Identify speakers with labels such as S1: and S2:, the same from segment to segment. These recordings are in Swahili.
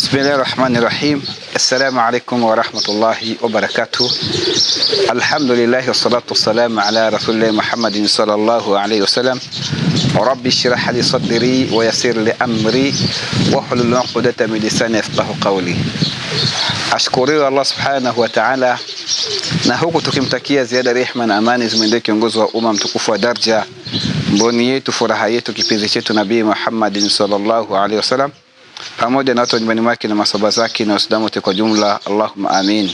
S1: Bismillahi rahmani rahim. Assalamu alaikum warahmatullahi wabarakatuh. Alhamdulillahi wassalatu wassalamu ala rasulillahi Muhammadin sallallahu alaihi wasallam. Rabbi shrah li sadri wa yassir li amri wahlul uqdata min lisani yafqahu qawli. Ashkuriwe Allah subhanahu wa ta'ala, na huku tukimtakia ziada rehma na amani zimwendee kiongozi wa umma mtukufu wa daraja mboni yetu, furaha yetu, kipenzi chetu Nabii Muhammadin sallallahu alaihi wasallam pamoja na watu wa nyumbani mwake na masaba zake na Waislamu wote kwa jumla, Allahumma amin.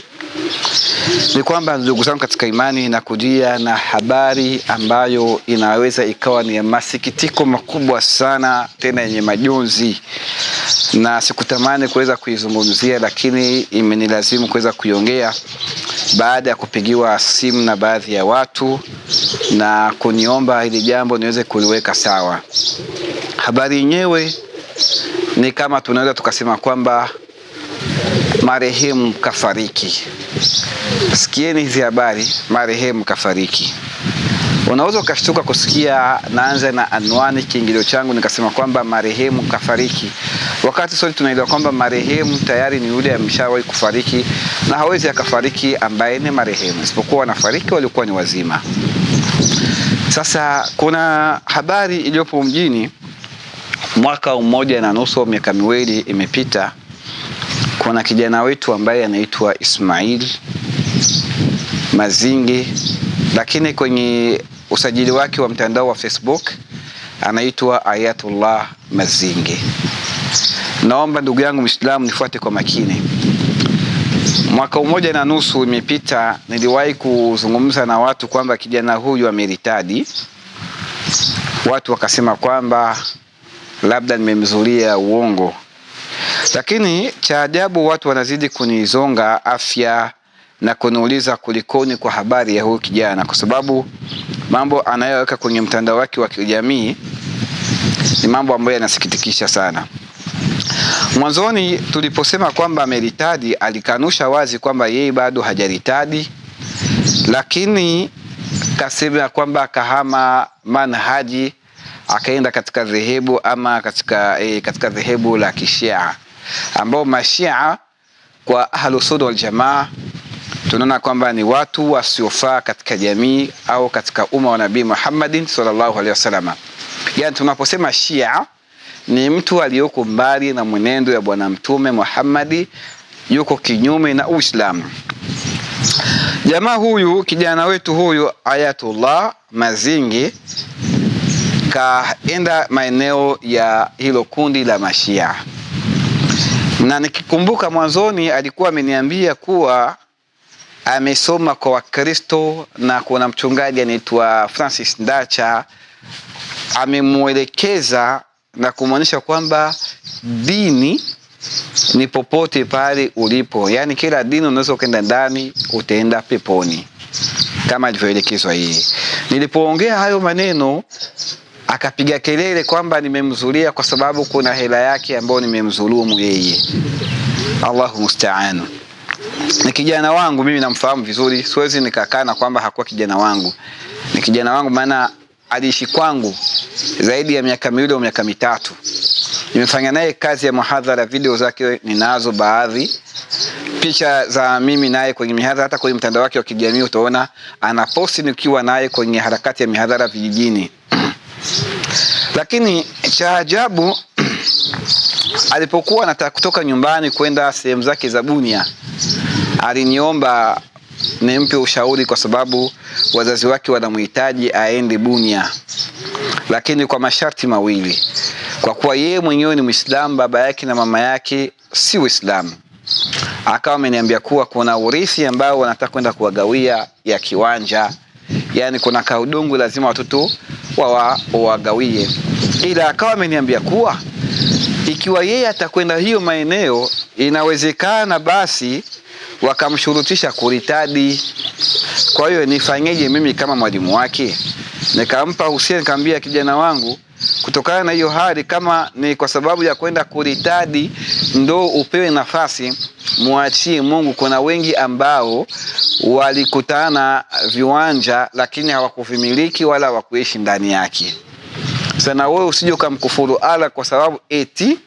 S1: Ni kwamba ndugu zangu katika imani, na kujia na habari ambayo inaweza ikawa ni masikitiko makubwa sana tena yenye majonzi, na sikutamani kuweza kuizungumzia, lakini imenilazimu kuweza kuiongea baada ya kupigiwa simu na baadhi ya watu na kuniomba ili jambo niweze kuliweka sawa. Habari yenyewe ni kama tunaweza tukasema kwamba marehemu kafariki. Sikieni hizi habari, marehemu kafariki. Unaweza ukashtuka kusikia naanza na anwani kiingilio changu nikasema kwamba marehemu kafariki, wakati sote tunaelewa kwamba marehemu tayari ni yule ameshawahi kufariki na hawezi akafariki ambaye ni marehemu, isipokuwa wanafariki walikuwa ni wazima. Sasa kuna habari iliyopo mjini mwaka mmoja na nusu au miaka miwili imepita, kuna kijana wetu ambaye anaitwa Ismail Mazingi, lakini kwenye usajili wake wa mtandao wa Facebook anaitwa Ayatullah Mazingi. Naomba ndugu yangu Muislamu nifuate kwa makini. Mwaka mmoja na nusu imepita, niliwahi kuzungumza na watu kwamba kijana huyu ameritadi. Watu wakasema kwamba labda nimemzulia uongo. Lakini cha ajabu watu wanazidi kunizonga afya na kuniuliza kulikoni kwa habari ya huyu kijana, kwa sababu mambo anayoweka kwenye mtandao wake wa kijamii ni mambo ambayo yanasikitikisha sana. Mwanzoni tuliposema kwamba ameritadi, alikanusha wazi kwamba yeye bado hajaritadi, lakini kasema kwamba kahama manhaji akaenda katika dhehebu ama katika e, katika dhehebu la Kishia ambao mashia kwa ahlusunna waljamaa tunaona kwamba ni watu wasiofaa katika jamii au katika umma wa Nabii Muhammadin sallallahu alaihi wasallam. Yani, tunaposema shia ni mtu aliyoko mbali na mwenendo ya Bwana Mtume Muhammadi, yuko kinyume na Uislamu. Jamaa huyu kijana wetu huyu Ayatullah Mazingi nikaenda maeneo ya hilo kundi la Mashia, na nikikumbuka mwanzoni alikuwa ameniambia kuwa amesoma kwa Wakristo na kuna mchungaji anaitwa Francis Ndacha amemwelekeza na kumwonyesha kwamba dini ni popote pale ulipo, yaani kila dini unaweza ukaenda ndani utaenda peponi kama alivyoelekezwa yeye. Nilipoongea hayo maneno akapiga kelele kwamba nimemzulia kwa sababu kuna hela yake ambayo nimemdhulumu yeye. Allahu musta'an. Ni kijana wangu mimi, namfahamu vizuri, siwezi nikakana kwamba hakuwa kijana wangu. Ni kijana wangu, maana aliishi kwangu zaidi ya miaka miwili au miaka mitatu. Nimefanya naye kazi ya mahadhara, video zake ninazo baadhi, picha za mimi naye kwenye mihadhara. Hata kwenye mtandao wake wa kijamii utaona anaposti nikiwa naye kwenye harakati ya mihadhara vijijini. Lakini cha ajabu alipokuwa anataka kutoka nyumbani kwenda sehemu zake za Bunia, aliniomba nimpe ushauri, kwa sababu wazazi wake wanamhitaji aende Bunia, lakini kwa masharti mawili. Kwa kuwa yeye mwenyewe ni Mwislamu, baba yake na mama yake si uislamu akawa ameniambia kuwa kuna urithi ambao wanataka kwenda kuwagawia ya kiwanja yani kuna kaudungu lazima watoto wawagawie, ila akawa ameniambia kuwa ikiwa yeye atakwenda hiyo maeneo, inawezekana basi wakamshurutisha kuritadi. Kwa hiyo nifanyeje mimi kama mwalimu wake? Nikampa usia, nikamwambia kijana wangu Kutokana na hiyo hali, kama ni kwa sababu ya kwenda kuritadi ndo upewe nafasi, mwachie Mungu. Kuna wengi ambao walikutana viwanja lakini hawakuvimiliki wala hawakuishi ndani yake. Sasa na wewe usije ukamkufuru ala kwa sababu eti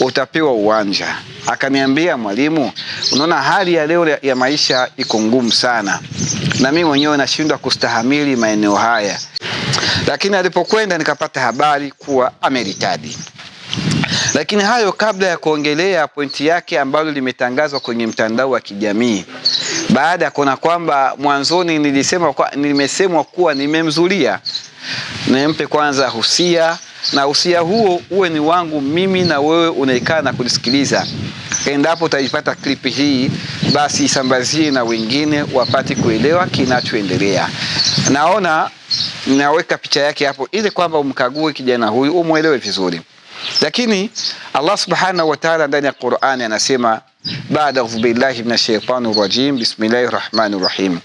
S1: utapewa uwanja. Akaniambia, mwalimu, unaona hali ya leo ya maisha iko ngumu sana, na mimi mwenyewe nashindwa kustahamili maeneo haya. Lakini alipokwenda nikapata habari kuwa ameritadi. Lakini hayo kabla ya kuongelea pointi yake ambalo limetangazwa kwenye mtandao wa kijamii baada ya kuona kwamba mwanzoni nilisema kwa, nimesemwa kuwa nimemzulia, nimpe kwanza husia na usia huo uwe ni wangu mimi na wewe unaikaa na kunisikiliza. Endapo utaipata klipi hii, basi isambazie na wengine wapate kuelewa kinachoendelea. Naona naweka picha yake hapo ili kwamba umkague kijana huyu, umwelewe vizuri. Lakini Allah subhanahu wa ta'ala ndani ya Qur'ani anasema baada audhu billahi minash shaitani rajim bismillahir rahmanir rahim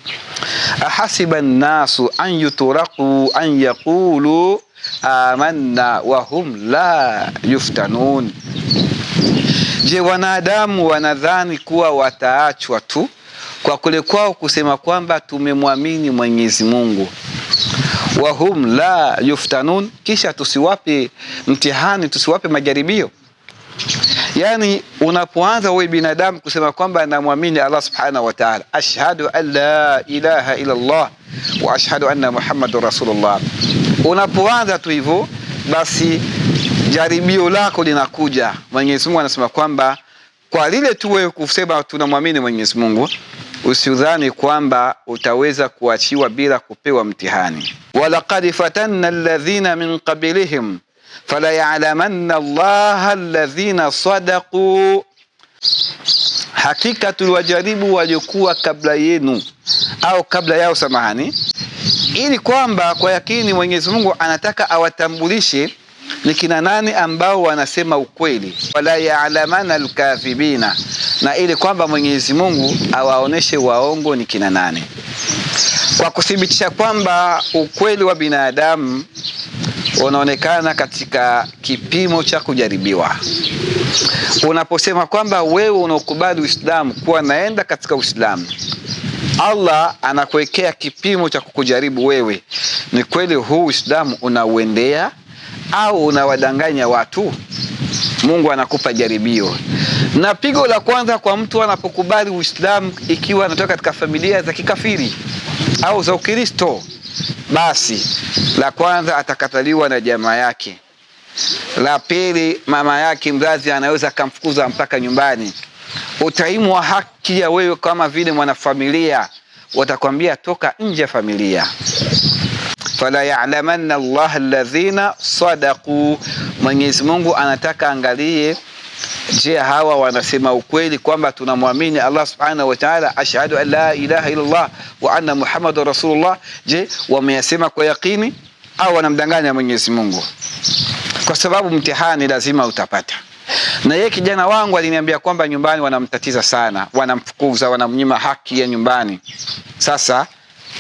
S1: ahasiba an-nasu an yutraqu an yaqulu amanna wa hum la yuftanun, je, wanadamu wanadhani kuwa wataachwa tu kwa kule kwao kusema kwamba tumemwamini Mwenyezi Mungu wa hum la yuftanun, kisha tusiwape mtihani, tusiwape majaribio. Yani, unapoanza wewe binadamu kusema kwamba namwamini Allah subhanahu wa ta'ala, ashhadu an la ilaha illa Allah wa ashhadu anna muhammadur rasulullah, unapoanza tu hivyo, basi jaribio lako linakuja. Mwenyezi Mungu anasema kwamba kwa lile tu wewe kusema tunamwamini Mwenyezi Mungu Usidhani kwamba utaweza kuachiwa bila kupewa mtihani. walaqad fatanna alladhina min qablihim falayalamanna allaha alladhina sadaqu, hakika tuliwajaribu waliokuwa kabla yenu au kabla yao, samahani, ili kwamba kwa yakini Mwenyezi Mungu anataka awatambulishe ni kina nani ambao wanasema ukweli, wala yaalamana alkadhibina, na ili kwamba Mwenyezi Mungu awaoneshe waongo ni kina nani, kwa kuthibitisha kwamba ukweli wa binadamu unaonekana katika kipimo cha kujaribiwa. Unaposema kwamba wewe unaokubali Uislamu kuwa naenda katika Uislamu, Allah anakuwekea kipimo cha kukujaribu wewe, ni kweli huu Uislamu unauendea au unawadanganya watu? Mungu anakupa jaribio. Na pigo la kwanza kwa mtu anapokubali Uislamu, ikiwa anatoka katika familia za kikafiri au za Ukristo, basi la kwanza atakataliwa na jamaa yake. La pili, mama yake mzazi anaweza akamfukuza mpaka nyumbani. Utaimu wa haki ya wewe kama vile mwanafamilia, watakwambia toka nje ya familia fala ya'lamanna Allah alladhina sadaqu. Mwenyezi Mungu anataka angalie, je, hawa wanasema ukweli kwamba tunamwamini Allah subhanahu wa ta'ala, ashhadu an la ilaha illa Allah wa anna Muhammadar rasulullah. Je, wameyasema kwa yakini au wanamdanganya Mwenyezi Mungu? Kwa sababu mtihani lazima utapata na yeye kijana wangu aliniambia kwamba nyumbani wanamtatiza sana, wanamfukuza, wanamnyima haki ya nyumbani. Sasa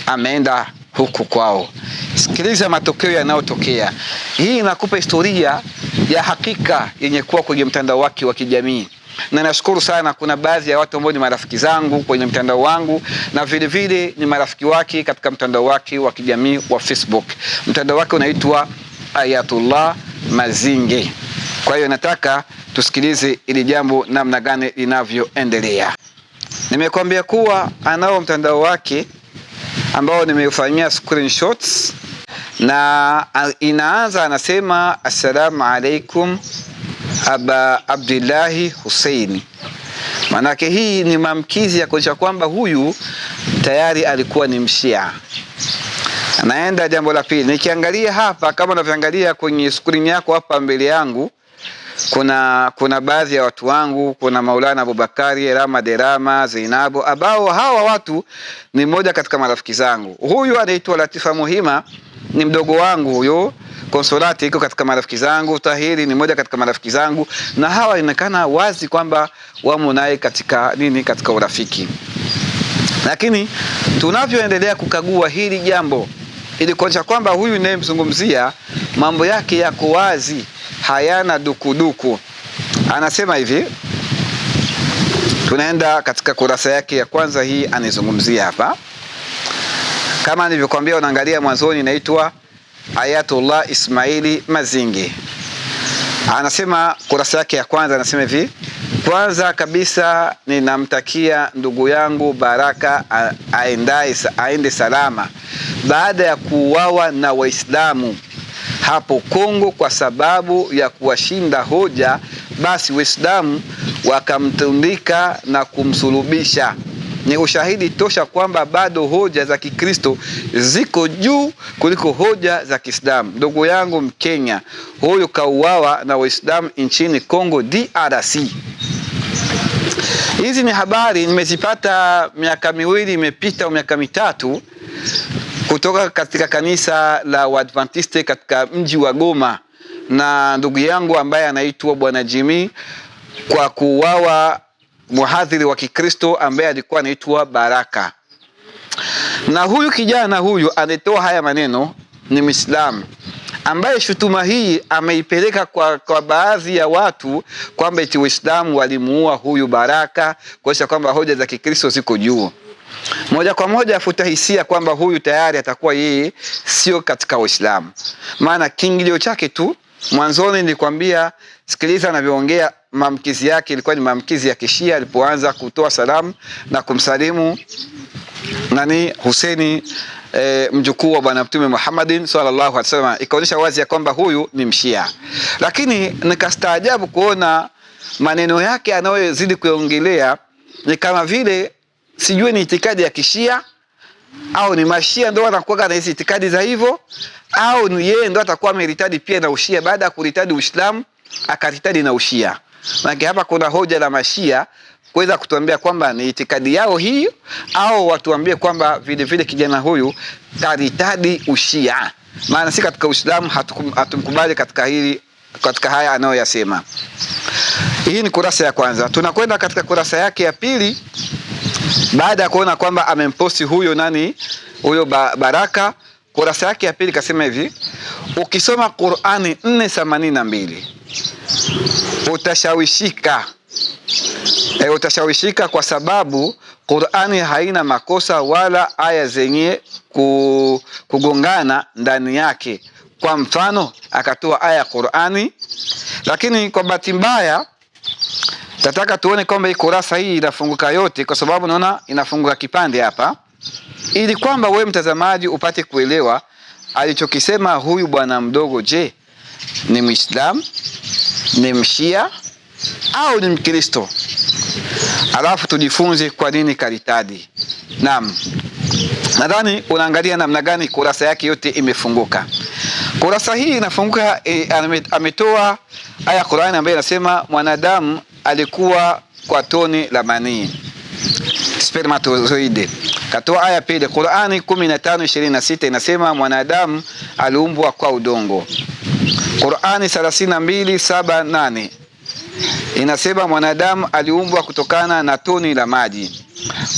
S1: ameenda huku kwao. Sikiliza matokeo yanayotokea. Hii inakupa historia ya hakika yenye kuwa kwenye mtandao wake wa kijamii na nashukuru sana. Kuna baadhi ya watu ambao ni marafiki zangu kwenye mtandao wangu na vile vile ni marafiki wake katika mtandao wake wa kijamii wa Facebook. Mtandao wake unaitwa Ayatullah Mazinge. Kwa hiyo nataka tusikilize ili jambo namna gani linavyoendelea. Nimekwambia kuwa anao mtandao wake ambao nimeufanyia screenshots na inaanza, anasema assalamu alaikum aba Abdillahi Huseini. Maanake hii ni maamkizi ya kuonyesha kwamba huyu tayari alikuwa ni mshia. Naenda jambo la pili, nikiangalia hapa kama unavyoangalia kwenye screen yako hapa mbele yangu, kuna kuna baadhi ya watu wangu, kuna Maulana Abubakari Rama Derama Zainabu, ambao hawa watu ni mmoja katika marafiki zangu. Huyu anaitwa Latifa Muhima, ni mdogo wangu huyo. Konsolati iko katika marafiki zangu, Tahiri ni mmoja katika marafiki zangu, na hawa inaonekana wazi kwamba wamo naye katika nini, katika urafiki. Lakini tunavyoendelea kukagua hili jambo, ili kuonyesha kwamba huyu ninayemzungumzia mambo yake yako wazi hayana dukuduku. Anasema hivi, tunaenda katika kurasa yake ya kwanza hii, anaizungumzia hapa. Kama nilivyokuambia, unaangalia mwanzoni, inaitwa Ayatullah Ismaili Mazingi. Anasema kurasa yake ya kwanza, anasema hivi kwanza kabisa ninamtakia ndugu yangu Baraka aende salama baada ya kuuawa na Waislamu hapo Kongo kwa sababu ya kuwashinda hoja, basi Waislamu wakamtundika na kumsulubisha. Ni ushahidi tosha kwamba bado hoja za Kikristo ziko juu kuliko hoja za Kiislamu. Ndugu yangu Mkenya huyu kauawa na Waislamu nchini Kongo DRC. Hizi ni habari nimezipata miaka miwili imepita au miaka mitatu kutoka katika kanisa la Waadventiste katika mji wa Goma na ndugu yangu ambaye anaitwa Bwana Jimmy kwa kuuawa mhadhiri wa Kikristo ambaye alikuwa anaitwa Baraka. Na huyu kijana huyu anetoa haya maneno ni Muislamu ambaye shutuma hii ameipeleka kwa, kwa baadhi ya watu kwamba eti Waislamu walimuua huyu Baraka kuonyesha kwamba hoja za Kikristo ziko juu moja kwa moja afuta hisia kwamba huyu tayari atakuwa yeye sio katika Uislamu. Maana kiingilio chake tu mwanzoni nilikwambia, sikiliza anavyoongea, maamkizi yake ilikuwa ni maamkizi ya Kishia alipoanza kutoa salamu na kumsalimu nani Huseni E, eh, mjukuu wa Bwana Mtume Muhammadin sallallahu alaihi wasallam, ikaonyesha wazi ya kwamba huyu ni mshia, lakini nikastaajabu kuona maneno yake anayozidi kuongelea ni kama vile sijui ni itikadi ya kishia au ni mashia ndo wanakuwa na hizi itikadi za hivyo, au ni yeye ndo atakuwa ameritadi pia na ushia baada ya kuritadi Uislamu akaritadi na ushia. Maana hapa kuna hoja la mashia kuweza kutuambia kwamba ni itikadi yao hiyo, au watuambie kwamba vile vile kijana huyu karitadi ushia. Maana si katika Uislamu hatumkubali katika hili, katika haya anayoyasema. Hii ni kurasa ya kwanza. Tunakwenda katika kurasa yake ya pili baada ya kuona kwamba amemposti huyo nani huyo Baraka, kurasa yake ya pili kasema hivi, ukisoma Qur'ani 482 utashawishika. E, utashawishika kwa sababu Qur'ani haina makosa wala aya zenye kugongana ndani yake. Kwa mfano akatoa aya ya Qur'ani, lakini kwa bahati mbaya Nataka tuone kwamba hii kurasa hii inafunguka yote, kwa sababu naona inafunguka kipande hapa, ili kwamba wewe mtazamaji upate kuelewa alichokisema huyu bwana mdogo. Je, ni Muislam, ni Mshia au ni Mkristo? Alafu tujifunze kwa nini karitadi. Naam, nadhani unaangalia namna gani kurasa yake yote imefunguka. Kurasa hii inafunguka, e, ametoa aya Qur'ani ambayo inasema mwanadamu alikuwa kwa toni la manii spermatozoide. katoa aya pili Qur'ani 15:26 inasema mwanadamu aliumbwa kwa udongo. Qur'ani 32:7-8 inasema mwanadamu aliumbwa kutokana na toni la maji.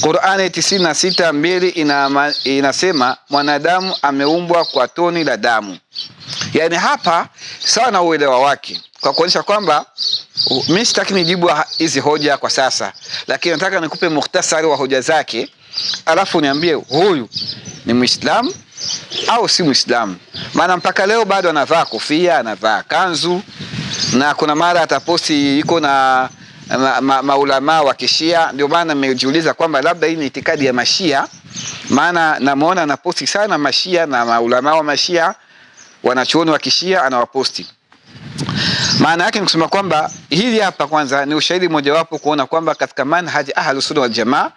S1: Qur'ani 96:2 inasema mwanadamu ameumbwa kwa toni la damu. Yaani hapa sawa na uelewa wake, kwa kuonyesha kwamba mimi sitaki nijibu hizi hoja kwa sasa, lakini nataka nikupe muhtasari wa hoja zake, alafu niambie huyu ni Muislamu au si Muislamu. Maana mpaka leo bado anavaa kofia, anavaa kanzu, na kuna mara ataposti iko na ma, ma, maulamaa wa Kishia. Ndio maana nimejiuliza kwamba labda hii ni itikadi ya Mashia, maana namuona anaposti sana Mashia na maulamaa wa Mashia wanachuoni wa kishia anawaposti. Maana yake ni kusema kwamba hili hapa kwanza ni ushahidi mojawapo kuona kwamba katika manhaj ahlu sunna wal jamaa,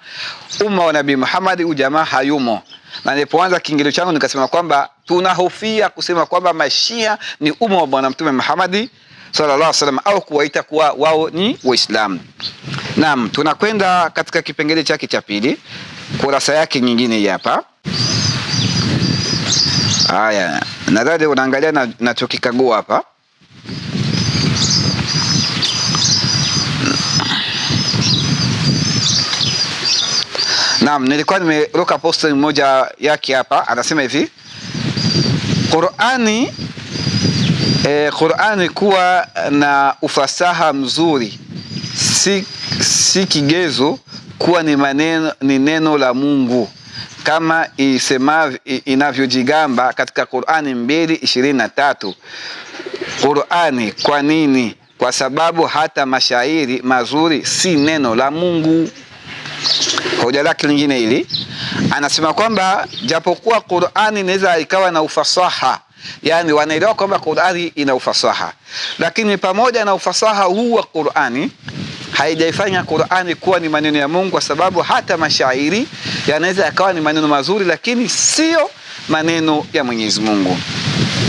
S1: umma wa Nabii Muhammad ujamaa hayumo. Na nilipoanza kiingilio changu nikasema kwamba tunahofia kusema kwamba mashia ni umma wa Bwana Mtume Muhammad sallallahu alaihi wasallam au kuwaita kuwa wao ni Waislamu. Naam, tunakwenda katika kipengele chake cha pili, kurasa yake nyingine hapa. Haya nadhani unaangalia na, nachokikagua hapa Naam, nilikuwa nimeruka post mmoja yake hapa, anasema hivi Qur'ani, e, Qur'ani kuwa na ufasaha mzuri si, si kigezo kuwa ni maneno, ni neno la Mungu kama isema inavyojigamba katika Qur'ani mbili ishirini na tatu. Qur'ani kwa nini? Kwa sababu hata mashairi mazuri si neno la Mungu. Hoja lake lingine hili anasema kwamba japokuwa Qur'ani inaweza ikawa na ufasaha Yani wanaelewa kwamba Qur'ani ina ufasaha, lakini pamoja na ufasaha huu wa Qur'ani haijaifanya Qur'ani kuwa ni maneno ya Mungu, kwa sababu hata mashairi yanaweza yakawa ni maneno mazuri, lakini sio maneno ya Mwenyezi Mungu.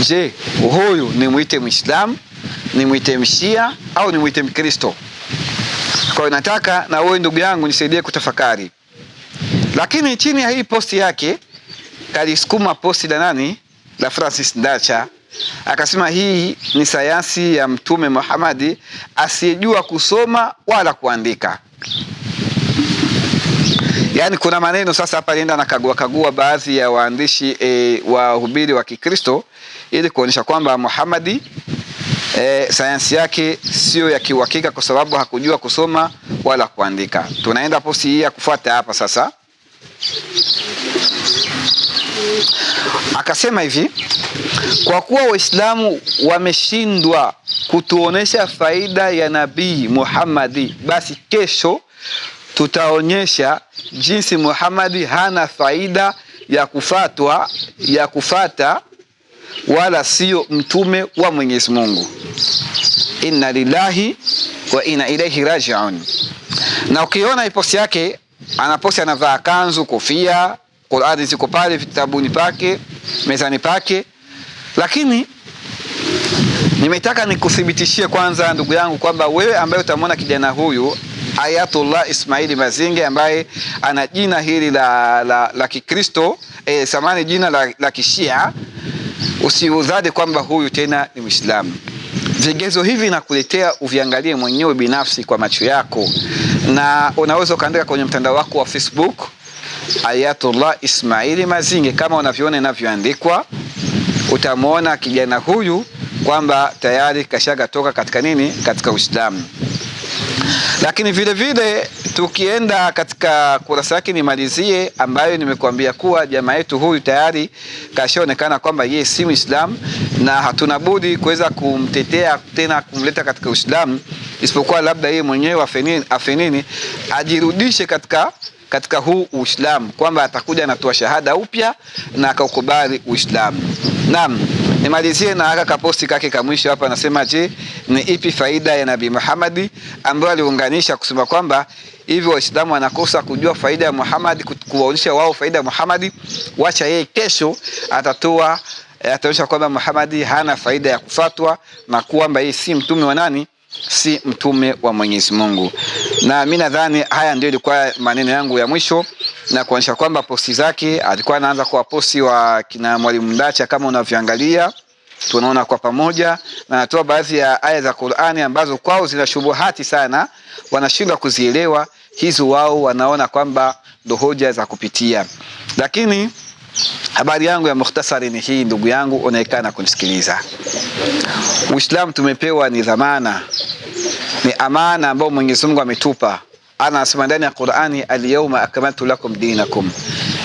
S1: Je, huyu ni mwite Muislamu, ni mwite Mshia au ni mwite Mkristo? Kwa hiyo nataka na wewe ndugu yangu nisaidie kutafakari. Lakini chini ya hii posti yake kalisukuma posti la nani, la Francis Ndacha. Akasema hii ni sayansi ya Mtume Muhammad asiyejua kusoma wala kuandika. Yaani kuna maneno sasa hapa alienda na kagua kagua baadhi ya waandishi e, wahubiri wa Kikristo ili kuonyesha kwamba Muhammad e, sayansi yake sio ya kiuhakika kwa sababu hakujua kusoma wala kuandika. Tunaenda posti hii ya kufuata hapa sasa. Akasema hivi, kwa kuwa Waislamu wameshindwa kutuonesha faida ya Nabii Muhammadi, basi kesho tutaonyesha jinsi Muhammadi hana faida ya kufatwa ya kufata wala sio mtume wa Mwenyezi Mungu. Inna lillahi wa inna ilaihi rajiun. Na ukiona iposi yake anaposi anavaa kanzu, kofia, Qurani ziko pale vitabuni pake, mezani pake. Lakini nimetaka nikuthibitishie kwanza, ndugu yangu, kwamba wewe ambaye utamwona kijana huyu Ayatullah Ismaili Mazinge ambaye ana jina hili la, la, la Kikristo eh, samani jina la, la Kishia, usiudhani kwamba huyu tena ni Mwislamu. Vigezo hivi nakuletea uviangalie mwenyewe binafsi kwa macho yako, na unaweza ukaandika kwenye mtandao wako wa Facebook Ayatullah Ismaili Mazinge, kama unavyoona inavyoandikwa, utamwona kijana huyu kwamba tayari kashakatoka katika nini, katika Uislamu. Lakini vile vile tukienda katika kurasa yake nimalizie, ambayo nimekuambia kuwa jamaa yetu huyu tayari kashaonekana kwamba yeye si Muislamu, na hatuna budi kuweza kumtetea tena kumleta katika Uislamu, isipokuwa labda yeye mwenyewe afenini ajirudishe katika katika huu Uislamu, kwamba atakuja anatoa shahada upya na akaukubali Uislamu. Naam. Nimalizie na haka kaposti kake ka mwisho hapa, anasema je, ni ipi faida ya Nabii Muhammad ambayo aliunganisha kusema kwamba hivi Waislamu wanakosa kujua faida ya Muhammad, kuwaonyesha wao faida ya Muhammad, wacha yeye kesho atatoa eh, ataonyesha kwamba Muhammad hana faida ya kufatwa na kwamba yeye si mtume wa nani, si mtume wa Mwenyezi Mungu. Na mimi nadhani haya ndio ilikuwa maneno yangu ya mwisho na kuonyesha kwamba posti zake alikuwa anaanza kwa posti wa kina Mwalimu Ndacha kama unavyoangalia tunaona kwa pamoja, na anatoa baadhi ya aya za Qur'ani ambazo kwao zina shubuhati sana, wanashindwa kuzielewa hizo, wao wanaona kwamba ndo hoja za kupitia. Lakini habari yangu ya mukhtasari ni hii, ndugu yangu unaekana kunisikiliza. Uislamu tumepewa ni dhamana, ni amana ambayo Mwenyezi Mungu ametupa Allah anasema ndani ya Qur'ani, alyawma akmaltu lakum dinakum,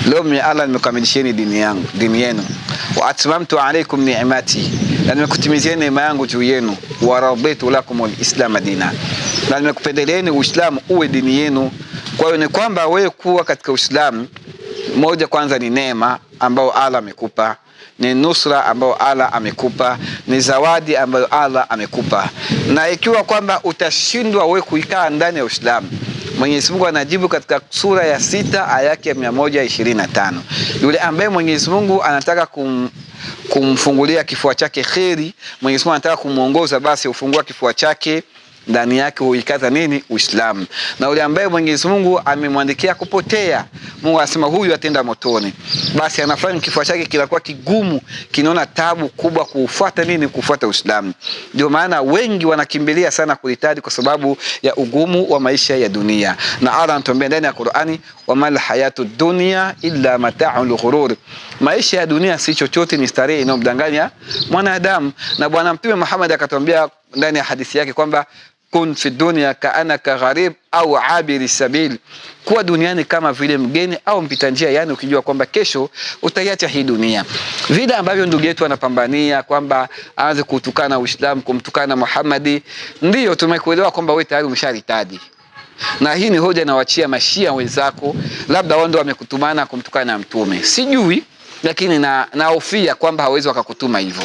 S1: leo mimi Allah nimekamilishieni dini yangu dini yenu, wa atmamtu alaykum ni'mati, na nimekutimizieni neema yangu juu yenu, wa raditu lakum al-islam dina, na nimekupendeleeni Uislamu uwe dini yenu. Kwa hiyo ni kwamba wewe kuwa katika Uislamu moja, kwanza ni neema ambayo Allah amekupa ni nusra ambayo Allah amekupa, ni zawadi ambayo Allah amekupa. Na ikiwa kwamba utashindwa wewe kuikaa ndani ya Uislamu, Mwenyezi Mungu anajibu katika sura ya sita aya yake ya mia moja ishirini na tano. Yule ambaye Mwenyezi Mungu anataka kum, kumfungulia kifua chake kheri, Mwenyezi Mungu anataka kumwongoza, basi hufungua kifua chake ndani yake huikaza nini? Uislamu. Na yule ambaye Mwenyezi Mungu amemwandikia kupotea, Mungu anasema huyu atenda motoni, basi anafanya kifua chake kinakuwa kigumu, kinaona tabu kubwa kufuata nini? Kufuata Uislamu. Ndio maana wengi wanakimbilia sana kulitadi kwa sababu ya ugumu wa maisha ya dunia, na Allah anatuambia ndani ya Qur'ani, wa mal hayatu dunya illa mata'ul ghurur, maisha ya dunia si chochote, ni starehe inayomdanganya mwanadamu. Na Bwana Mtume Muhammad akatuambia ndani ya hadithi yake kwamba kun fi dunya ka anaka gharib au abiri sabil, kuwa duniani kama vile mgeni au mpita njia, yani ukijua kwamba kesho utaiacha hii dunia. Vile ambavyo ndugu yetu anapambania kwamba aanze kutukana Uislamu, kumtukana Muhammadi, ndiyo tumekuelewa kwamba wewe tayari umesharitadi na hii ni hoja nawachia mashia wenzako, labda wao ndio wamekutumana kumtukana mtume, sijui, lakini na naofia kwamba hawezi wakakutuma hivyo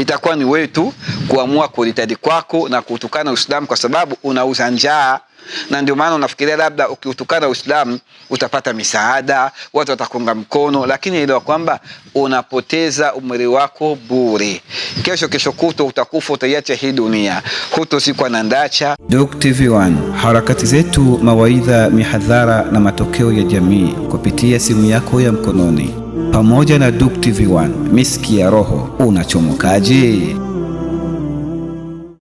S1: itakuwa ni wetu kuamua kuritadi kwako na kutukana Uislamu kwa sababu unauza njaa na ndio maana unafikiria labda ukiutukana Uislamu utapata misaada, watu watakuunga mkono, lakini ile kwamba unapoteza umri wako bure. Kesho kesho kuto utakufa, utaiacha hii dunia, hutozikwa na ndacha. Duc TV1, harakati zetu, mawaidha, mihadhara na matokeo ya jamii kupitia simu yako ya mkononi pamoja na Duck 1 miski ya roho. Unachomokaje?